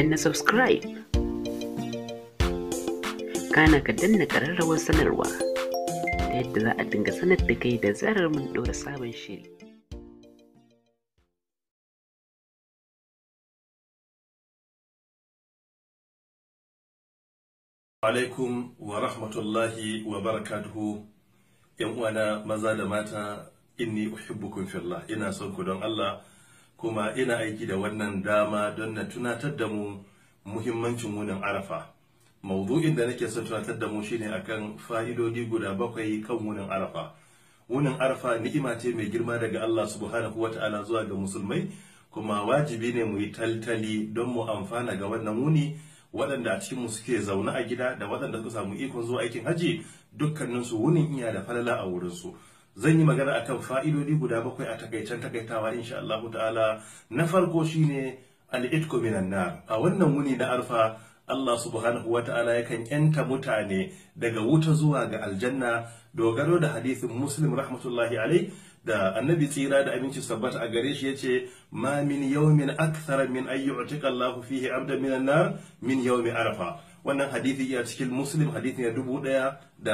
danna subscribe kana ka danna ƙararrawar sanarwa ta yadda za a dinga sanar da kai da zarar mun ɗora sabon shiri alaikum wa rahmatullahi wa barakatuhu yan uwana maza da mata inni uhibbukum fillah ina son ku don Allah kuma ina aiki da wannan dama don na tunatar da mu muhimmancin wunin arafa maudu'in da nake son tunatar da mu shine akan fa'idodi guda bakwai kan wunin arafa wunin arafa ni'ima ce mai girma daga Allah subhanahu ta'ala zuwa ga musulmai kuma wajibi ne mu yi taltali don mu amfana ga wannan wuni waɗanda a cikin suke zaune a gida da waɗanda suka samu ikon zuwa aikin haji dukkaninsu wunin iya da falala a wurinsu zan yi magana akan fa'idodi guda bakwai a takaicen takaitawa insha Allah ta'ala na farko shine al-itqu minan nar a wannan wuni na arfa Allah subhanahu wata'ala yakan yanta mutane daga wuta zuwa ga aljanna dogaro da hadisin Muslim rahmatullahi alai da annabi tsira da aminci sabbata a gare shi yace ma min yawmin akthara min ayyutika Allah fihi abdan min nar min yawmi arafa wannan hadithi ya cikin Muslim hadithi ya 1348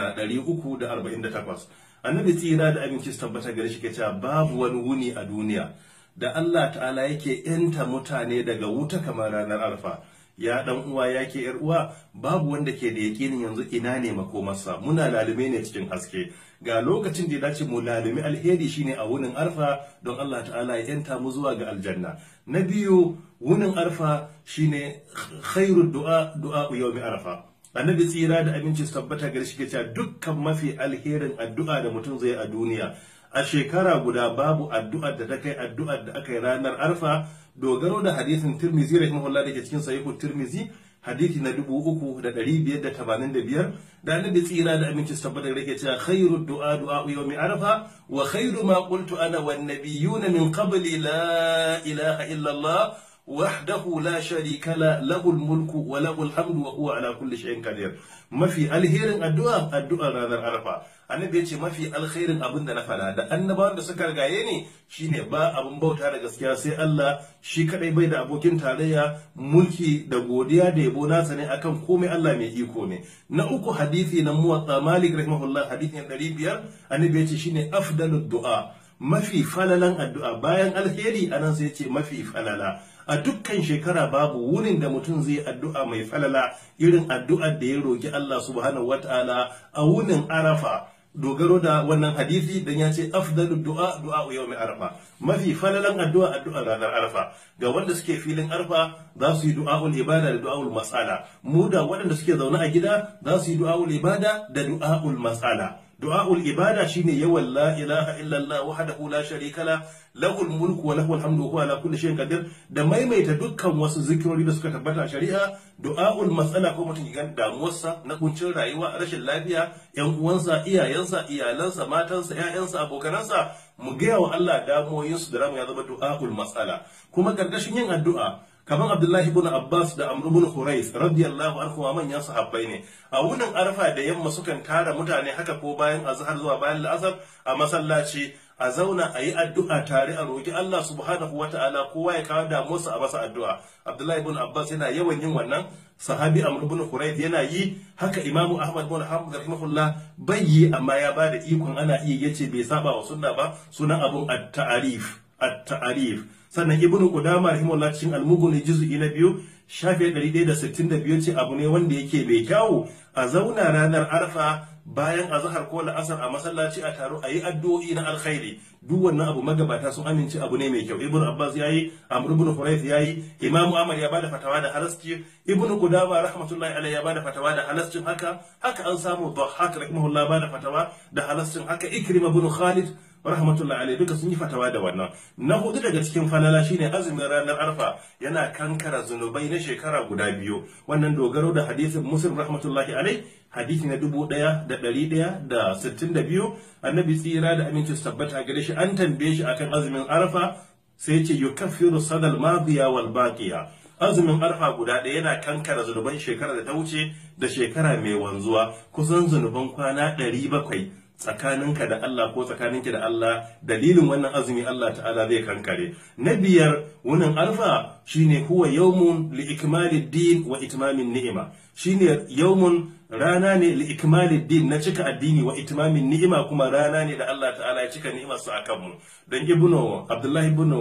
annabi tsira da aminci sabbata gare shi kace babu wani wuni a duniya da Allah ta'ala yake yanta mutane daga wuta kamar ranar arfa ya dan uwa ya ke yar uwa babu wanda ke da yakinin yanzu ina ne makomarsa muna lalume ne cikin haske ga lokacin da ya dace mu lalumi alheri shine a wunin arfa don Allah ta'ala ya yanta mu zuwa ga aljanna na biyu wunin arfa shine khairu du'a du'a yawmi arfa annabi tsira da aminci tabbata gare shi cewa dukkan mafi alherin addu'a da mutum zai a duniya a shekara guda babu addu'ar da ta kai addu'ar da aka yi ranar arfa dogaro da hadisin tirmizi rahimahullah da ke cikin sahihu tirmizi hadisi na dubu uku da ɗari biyar da tamanin da biyar da annabi tsira da aminci su tabbatar da ke cewa khairu du'a du'a yawmi arafa wa khairu ma qultu ana wan nabiyuna min qabli la ilaha illallah wahdahu la sharika la lahul mulku wa lahul hamdu wa huwa ala kulli shay'in qadir mafi alherin addu'a addu'a ranar arfa annabi yace mafi alherin abin da na faɗa. da annabawan da suka rigaye ne shine ba abin bauta da gaskiya sai Allah shi kadai bai da abokin tarayya mulki da godiya da yabo nasa ne akan komai Allah mai iko ne na uku hadisi na muwatta malik rahimahullah hadisi biyar. annabi yace shine afdalud du'a mafi falalan addu'a bayan alheri anan sai yace mafi falala a dukkan shekara babu wurin da mutum zai addu'a mai falala irin addu'ar da ya roki Allah subhanahu wataala a wunin arafa dogaro da wannan hadisi dan ya ce afdalu du'a du'a yawmi arafa. mafi falalan addu'a addu'a ranar Arafa ga wanda suke filin arafa za su yi du'a'ul ibada da du'a'ul matsala mu da waɗanda suke zaune a gida za su yi du'a'ul ibada da du'a'ul matsala du'aul ibada shine yawan la ilaha illallah wahdahu la sharika la lahul mulku wa lahul hamdu wa huwa ala kulli shay'in qadir da maimaita dukkan wasu zikirori da suka tabbata a shari'a du'aul matsala ko mutum ga damuwarsa na kuncin rayuwa rashin lafiya yan uwansa iyayensa iyalansa matansa ƴaƴansa abokanansa mu gaya wa Allah damuwoyinsu da ramu ya zama du'aul matsala kuma karkashin yin addu'a kamar abdullahi ibn abbas da amr ibn hurais radiyallahu anhu manyan sahabbai ne a wunin arfa da yamma sukan tara mutane haka ko bayan azhar zuwa bayan la'asar a masallaci a zauna a yi addu'a tare a roƙi Allah subhanahu ta'ala kowa ya kawo damuwarsa a masa addu'a Abdullahi ibn Abbas yana yawan yin wannan sahabi Amr ibn Khurais, yana yi haka imamu Ahmad ibn Hanbal rahimahullah bai yi amma ya bada ikon ana iya yace bai saba wa sunna ba sunan abun at-ta'rif at-ta'arif sannan ibnu qudama rahimahullah cikin al-mughni juz'i na biyu shafi 165 ce abu ne wanda yake mai kyau a zauna ranar arfa bayan azhar ko la'asar a masallaci a taro ayi addu'o'i na alkhairi duk wannan abu magabata sun amince abu ne mai kyau ibnu abbas yayi amr ibn hurayth yayi imamu ahmad ya bada fatawa da halasci ibnu qudama rahmatullahi alayhi ya bada fatawa da halascin haka haka an samu dhahhak rahimahullah bada fatawa da halascin haka ikrima ibn khalid rahmatullahi alaihi duka sun yi fatawa da wannan na hudu daga cikin falala shine azumin ranar arfa yana kankara zunubai na shekara guda biyu wannan dogaro da hadisin muslim rahmatullahi alaihi hadisi na dubu ɗaya da dari ɗaya da sittin da biyu annabi tsira da aminci su tabbata gare shi an tambaye shi akan azumin arfa sai ce yukaffiru sadal madiya wal baqiya azumin arfa guda ɗaya yana kankara zunuban shekara da ta wuce da shekara mai wanzuwa kusan zunuban kwana ɗari bakwai tsakaninka da Allah ko tsakaninki da Allah dalilin wannan azumi Allah ta'ala zai kankare na biyar wannan alfa shine huwa yawmun li ikmali din wa itmamin ni'ima shine yawmun rana ne li'ikmalid din na cika addini wa itimamin ni'ima kuma rana ne da Allah ta'ala ya cika ni'imar su akan mu dan ibnu abdullahi ibnu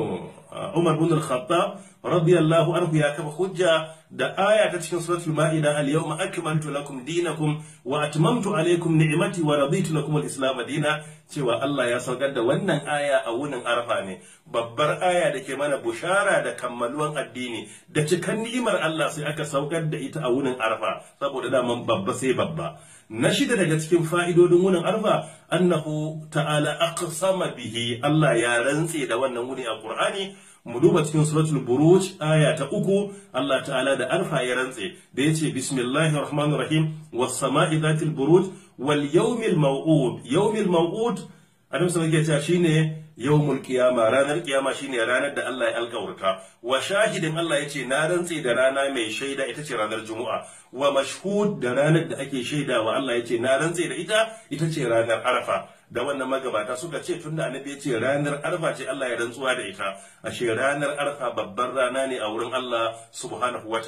uh, umar ibn al-khattab radiyallahu anhu ya kafa hujja da aya ta cikin suratul ma'ida al-yawma akmaltu lakum dinakum wa atmamtu alaykum ni'mati wa raditu lakum al-islam dina cewa Allah ya saukar da wannan aya a wunin arfa ne babbar aya da ke mana bushara da kammaluwan addini da cikan ni'imar Allah sai aka saukar da ita a wunin arfa saboda man babbar sai babba na shida daga cikin fa'idodin wunin arfa annahu ta'ala aqsama bihi Allah ya rantse da wannan wuni a Qur'ani mu duba cikin suratul buruj aya ta uku Allah ta'ala da arfa ya rantse da yace bismillahir rahmanir rahim was sama'i dhatil buruj wal yawmil maw'ud yawmil maw'ud adam sallallahu shine yawmul qiyama ranar kiyama shine ranar da Allah ya alƙawarta wa shahidin Allah yace na rantse da rana mai shaida ita ce ranar juma'a wa mashhud da ranar da ake shaida wa Allah yace na rantse da ita ita ce ranar arafa da wannan magabata suka ce tunda annabi ya ce ranar arfa ce Allah ya rantsuwa da ita ashe ranar arfa babbar rana ne a wurin Allah subhanahu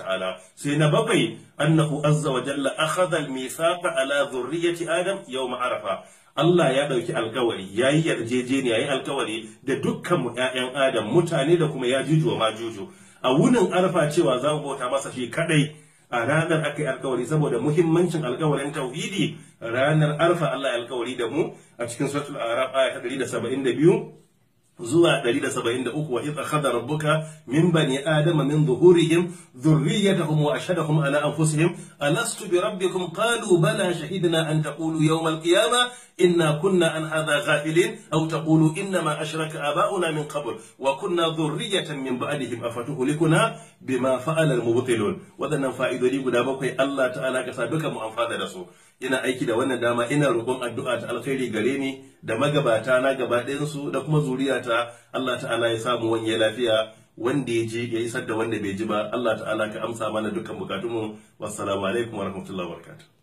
sai na bakwai annahu azza wa jalla akhadha al-mithaqa ala dhurriyyati adam yawm arafa Allah ya ɗauki alkawari ya yi yarjejeniya ya yi alkawari da dukkan mu ‘ya'yan Adam mutane da kuma ya jujuwa ma juju a wunin arfa cewa za mu bauta masa shi kaɗai a ranar aka yi alkawari saboda muhimmancin alkawarin tauhidi ranar arfa Allah ya alkawari da mu a cikin suratul araf aya 172 zuwa 173 wa idh akhadha rabbuka min bani adama min zuhurihim dhurriyyatahum wa ashhadahum ala anfusihim alastu bi rabbikum qalu bala shahidna an taqulu yawm al-qiyamah inna kunna an hadha ghafilin aw taqulu inna ma ashraka aba'una min qabl wa kunna dhurriyatan min ba'dihim afatuhlikuna bima fa'ala al-mubtilun wadannan fa'idodi guda bakwai Allah ta'ala ka sabika mu amfana da su ina aiki da wannan dama ina roƙon addu'a ta alkhairi gare ni da magabata na gaba ɗayansu da kuma zuriyata Allah ta'ala ya samu wani lafiya wanda ya ji ya isar da wanda bai ji ba Allah ta'ala ka amsa mana dukkan bukatunmu wassalamu alaikum warahmatullahi wabarakatuh